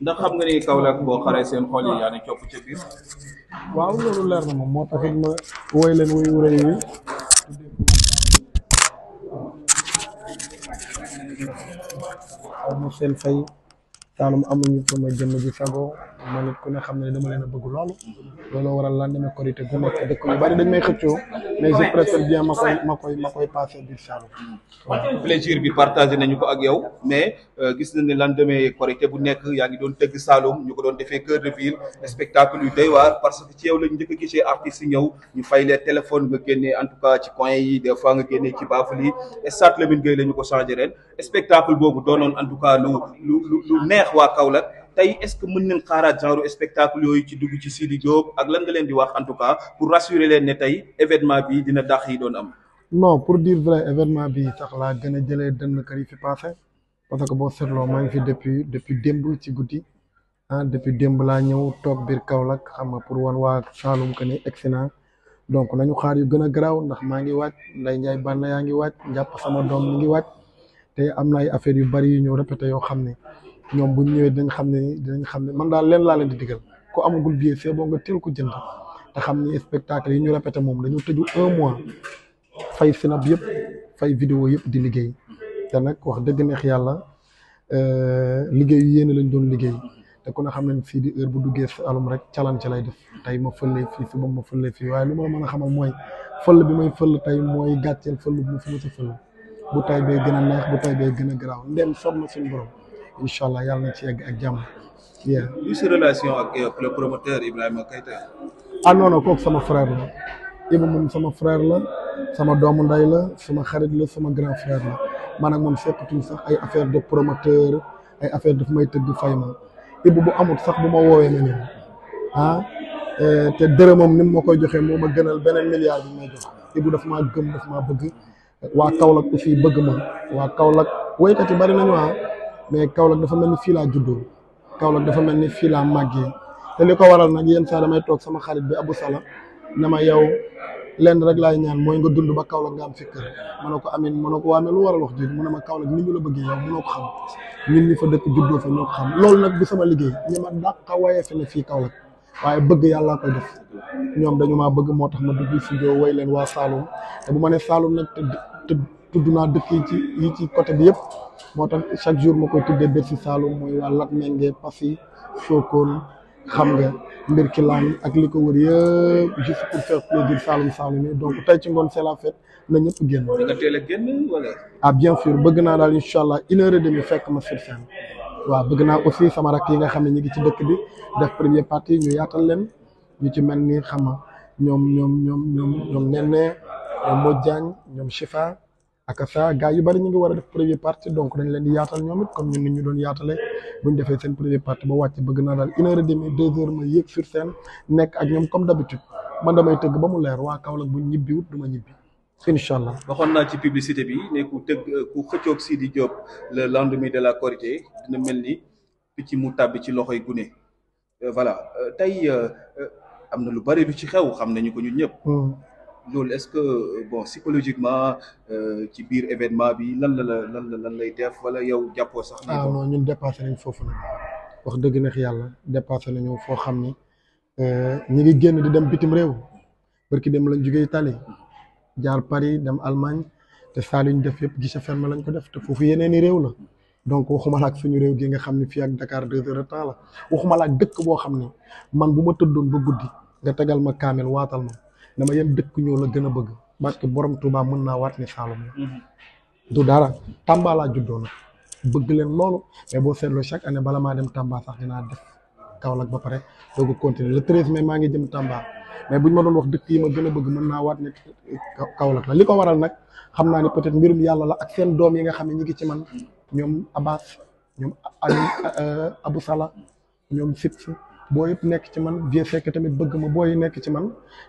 ndax xam nga ni Kaolack boo xaree seen xol yi yaa ne copp ca waaw loolu leer na moom moo taxit ma woy leen wuy wurey wi amu seen fay taalum amuñu sama jëmm ji sago man it ku ne xam ne dama leen a bëgg loolu looloo waral lan demee korité gu bi partagé nañu ko ak yow mais euh, gis nañ ne lan demee korité bu nekk yaa ngi doon tëgg Saloum ñu ko doon defee cœur de ville spectacle yu doy waar parce que ci yow lañ njëkk a gisee artistes yi ñëw ñu fay les téléphone nga génnee en tout cas ci coin yi des fois nga génnee ci baaful yi stade Lamine Gueye la ñu ko changé ren spectacle boobu doonoon en tout cas lu lu lu neex waa kaw la tay est ce meun ñu nañ genre spectacle yoy ci dugg ci Sidi job ak lan nga leen di wax en tout cas pour rassurer leen ne tay événement bi dina dàq yi doon am non pour dire vrai événement bi tax la gëna jëlé jëlee dënn kër yi fi passé parce que bo seetloo ma ngi fi depuis depuis demb ci goudi hein ah, depuis demb la ñëw tok bir kaolak xam nga pour won wa salum que ni excellent donc nañu xaar yu gëna graw ndax ma ngi waaj nday njaay bànn ya ngi wacc njàpp sama dom ngi wacc té amna ay affaire yu bari yu ñëw répété yo xamné ñoom bu ñu ñëwee dinañ xam ne dinañ xam ne man daal leen laa leen di digal ku amagul billet c'est bon nga teel ko jënd te xam ne spectacle yi ñu répété moom dañu tëju un mois fay synap yëpp fay vidéo yëpp di liggéey te nag wax dëgg yàlla euh, liggéey yu yéen lañ doon liggéey te ku ne xam ne si di heure bu duggee si alum rek calan ci lay def tey ma fële fii suba ma fële fii waaye lu ma mën a xamal mooy fël bi may fël tey mooy gàcceel fël bu ma fi bu tay bee gën a neex bu tay bee gën a garaaw ndem sob na suñu borom incha allah yàlla nañ ci ak jàmm. bien. lu si relation ak eh, le promoteur Ibrahima Keita. ah non non kooku sama frère la Iba moom sama frère la sama doomu ndey la suma xarit la sama grand frère la man ak moom sekkatuñ sax ay affaire de promoteur ay affaire daf may tëgg fay ma Iba bu amut sax bu ma woowee ma ah, ñëw eh, te dërëmam ni mu ma koy joxee moo ma gënal beneen milliard bi may jox Iba daf maa gëm daf maa bëgg waa Kaolack aussi bëgg ma waa kaw woykat yi bari nañu ah. mais kaolak dafa melni fi la laa kaolak dafa melni fi la magge te liko waral nak yeen sa damay tok sama xarit bi Abou Sala nama yow lenn rek lay ñaan moy nga dund ba kaolak nga am fi kër ma ne ko amin ma waral wax jooju mu ne ma ni ñu la bëgg yow mënoo xam ñun ñi fa dëkk juddoo fa ñoo xam lool nak bu sama liggéey ñi ma dàqa fi ne fii Kaolack waaye bëgg yalla koy def ñom dañuma bëgg motax ma dugg do way leen wa salum te bu ma ne Saloum te tuduna dekk yi ci yi ci côté bi yépp moo tax chaque jour tuddé koy ci salu moy wa lat mengé passé Sokone xam nga mbir ki lañ ak liko wër yépp juste pour faire plaisir salu salu né donc tay ci ngone c'est la fête na ñëpp génn. nga télé a génn wala. ah bien sûr bëgg nyom nyom nyom nyom une heure et nyom fekk ma sur scène wa bëgg nyom aussi sama rak yi nga xamné ñi nyom ngi ci nyom bi def première partie ñu yaatal nyom ñu ci nyom xama ñom ñom ñom ñom ñom nyom nyom nyom ñom nyom nyom nyom Chifa. ak ça gars yu bari ñu ngi war a def première partie donc dañ leen di yaatal ñoom it comme ñun ni ñu doon yaatalee bu ñu defee seen première partie ba wàcc bëgg naa daal une heure et ma yéeg sur scène nekk ak ñoom comme d'habitude man damay tëgg ba mu leer waa Kaolack bu ñibbi wut du ma ñibbi incha allah. waxoon naa ci publicité bi ne ku tëgg ku xëccoog Sidi Diop le lendemain de la Korité dina mel ni picc mu tàbbi ci loxoy gune euh, voilà euh, tey euh, am na lu bari lu ci xew xam nañu ko ñun ñëpp. Hmm. loolu est-ce que euh, bon psychologiquement euh, ci biir événement bi lan la la lan la lan lay def wala yow jàppoo sax. ah non ñun dépassé nañ foofu nag wax dëgg neex yàlla dépassé nañu foo xam ni euh, ñu ngi génn di dem bitim réew que dem lañ jógee tali jaar Paris dem Allemagne te saa li ñu def yëpp guichet fermé lañ ko def te foofu yeneen i réew la donc waxuma la ak suñu réew gi nga xam ne fi ak Dakar deux heures temps la waxumalaak dëkk boo xam ni man bu ma tëddoon ba guddi nga tegal ma kaamel waatal ma. dama yeen dekk ñoo la gëna a bëgg barke borom Touba mën na wat ni Saalum la mhm. du dara Tamba la juddo na bëgg leen loolu mais eh, bo sétlo chaque année bala ma dem Tamba sax dina def lak ba paré doog a continuer le 13 mai ma ngi jëm Tamba mais buñ ma doon wax dekk yi ma gëna bëgg mën wat ni kaw lak la liko waral nak xamna ni peut-être mbirum yalla la ak seen doom yi nga xamni ñi ngi ci man ñom Abbas ñoom Aliou eh, Abou sala ñom Sipsi boo yëpp nekk ci man VFK tamit bëgg ma booy nekk ci man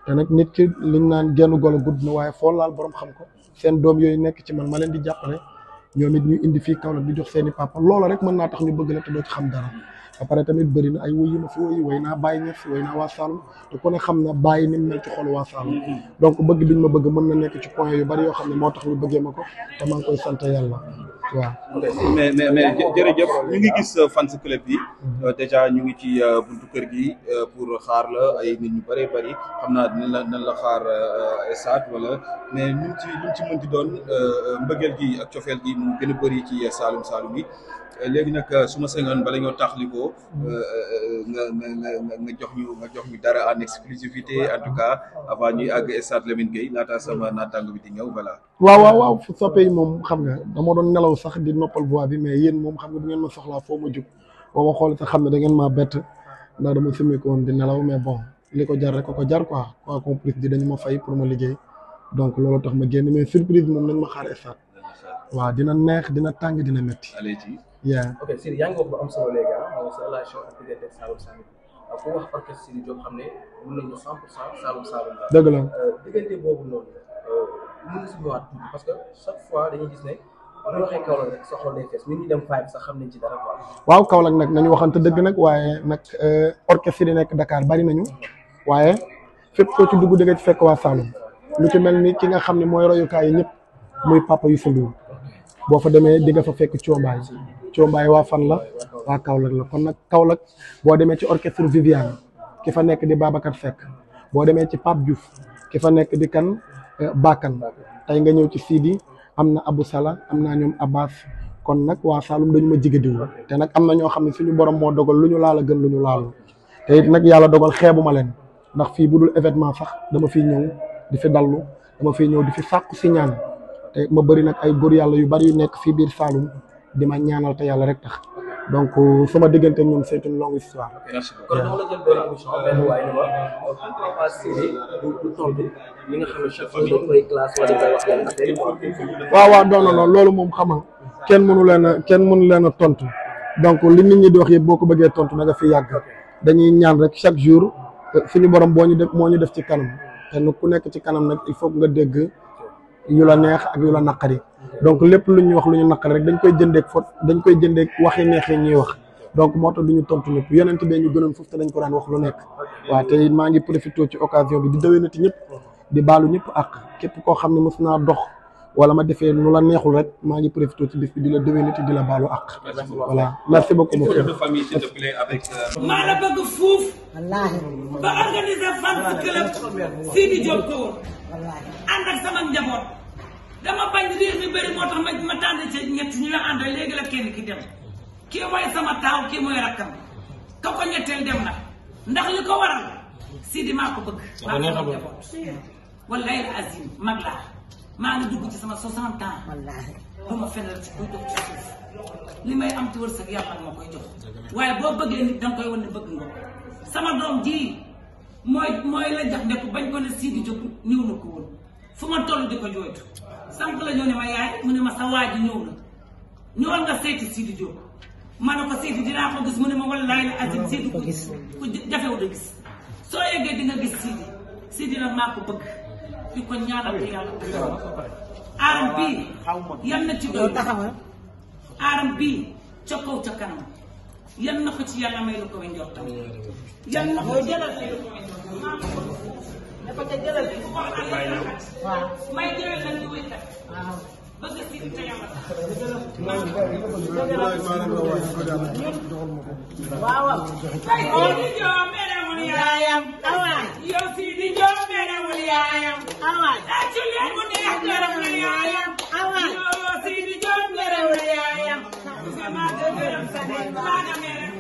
te nag nit ki liñ naan genn golo gudd na waaye foo laal borom xam ko seen doom yooyu nekk ci man ma leen di jàppale ñoom it ñu indi fii Kaolack bi jox seeni i loolo rek mën naa tax ñu bëgg la te doo ci xam dara ba pare tamit bëri na ay woy yu ma fi woy woy naa Baye Niass woy naa waa Saloum te ku ne xam na Baye ni mu mel ci xol waa Saloum mm-hmm. donc bëgg biñ ma bëgg mën na nekk ci point yu bari yoo xam ne moo tax ñu bëggee ko te maa ngi koy sant yàlla waaw. mais mais mais jërëjëf ñu ngi gis euh, fans club bi euh, déjà ñu ngi ci euh, buntu kër gi pour xaar la ay nit ñu bëree bëri xam naa dinañ la dinañ la xaar saat wala mais ñu ci ñu ci mënti doon mbëggeel gi ak cofeel gi mu gën a bëri ci saalum Saloum yi. léegi nak euh, suma ma sëngoon bala ñoo taxliko euh, euh, nga nga jox ñu nga jox ñu dara en exclusivité en tout cas avant ñuy ag stade Lamine gay nata sama naataango bi di ñew voilà wa wa wa soppe yi moom xam nga dama doon nelaw sax di noppal voix bi mais yeen mom xam nga bu ngeen ma soxla fo ma juk boo ma xol sax xam nga da ngeen ma bet ndax dama simmiku woon di nelaw mais bon liko jar rek ko jar quoi ko complice di dañ ma fay pour ma liggéey donc loolu tax ma genn mais surprise mom nañ ma xaar stade wa dina neex dina tang dina métti yaa ok Sidi yaa ngi wax ba am solo léegi ah, sa relation ak diggante dëgg la euh, boobu noonu euh, parce que chaque dañuy gis ne bu waxee xam nañ ci dara quoi. waaw Kaolack nag nañu waxante dëgg nag waaye nag euh, orchestre yi nekk Dakar bari nañu waaye fépp koo ci dugg dëgg fekk waa Saloum lu ci mel ni ki nga xam ne mooy royukaay yi ñëpp muy papa Youssou Ndour boo fa demee di nga fa fekk coombaay Coombaay ya, wa fan la wa kaolak la kon nak kaolak bo demé ci orchestre vivian ki fa nek di babakar fek bo demé ci pap Diouf ki fa nek di kan eh, Bakkan tay nga ñew ci Sidi amna Abou Sala amna ñom Abbas kon nak wa salum dañu ma jigadiwu te té nak amna ño xamni suñu borom mo dogal luñu ñu laal gën luñu ñu laalu te it nak yalla dogal xébuma len ndax fi budul événement sax dama fi ñew di fi dalu dama fi ñew di fi sakku si ñaan ma bari nak ay gor yalla yu bari yu nekk fii biir di ñaanal ta yalla rek tax donc sama digënté ñoom c'est une longue histoire. merci beaucoup kon dama la jël benn émission benn waay ni ma Moustapha Cissé du du tontu li nga xam ne chaque koy classe wala koy wax leen affaire yi. non non non loolu moom xam nga mënu leen a mënu leen tontu donc li nit ñi di wax yé boko bëggé tontu nga fi yagg dañuy ñaan rek chaque jour suñu borom boñu def moñu def ci kanam te ku nekk ci kanam nak il faut nga dégg. yu la neex ak yu la naqari donc lépp lu ñuy wax lu ñu naqari rek dañ koy jëndeek fot dañ koy jëndeek waxi neexee ñuy wax donc moo tax du ñu tontu ñëpp yonent be ñu gënoon foofu te dañ ko daan wax lu nekk waaw te maa ngi profité ci occasion bi di na déwénati ñëpp di baalu ñëpp ak képp koo xam ne mos naa dox wala ma defee nu la neexul rek maa ngi profité ci bis bi di la déwénati di la baalu àq. voilà merci beaucoup. une photo de famille s'il te plaît avec. Euh, maa la bëgg fuuf. wallaahi. ba organiser fan club Sidi Diop Tour. wallaahi ànd ak sama njaboot. dama bañ riir bi bëri moo tax ma ma tànn ci ñett ñu la ànd léegi la kenn ki dem. kii mooy sama taaw kii mooy rakkam. ka ko ñetteel dem na. ndax li ko waral. Sidi maa ko bëgg. maa ko bëgg njaboot. wallaahi la azim mag laa. maa ngi dugg ci sama 60 ans. wallaahi ma fenal ci kuy dox ci suuf li may am ci wërsëg yàlla ma koy jox. waaye boo bëggee nit danga koy wan ne bëgg nga sama doom ji mooy mooy la jax nekk bañ ko ne sii di jóg ñëw na ko woon fu ma toll di ko jooytu la ñëw ne mu ne ma sa waa ñëw na ñëwal nga seeti sii di jóg ma ne ko seeti dinaa ko gis ne ma wallaahi la azim ku jafewu da gis soo yeggee di gis sii di nag maa ko bëgg. di ko ñaanal te yàlla aaram bii yan na ci doy aaram bii ca kaw ca kanam yan na ko ci yàlla may lu ko we njortam yan na ko jëlal may lu ko we njortam dafa ca jëlal bi ko waaw may jëlal lan ñu wéykat bëgg si di tayama waaw waaw yow si di jox yaayam awaay tàccu leen mu neex gërëm na yaayam awaay Sidi Diop gërëm na yaayam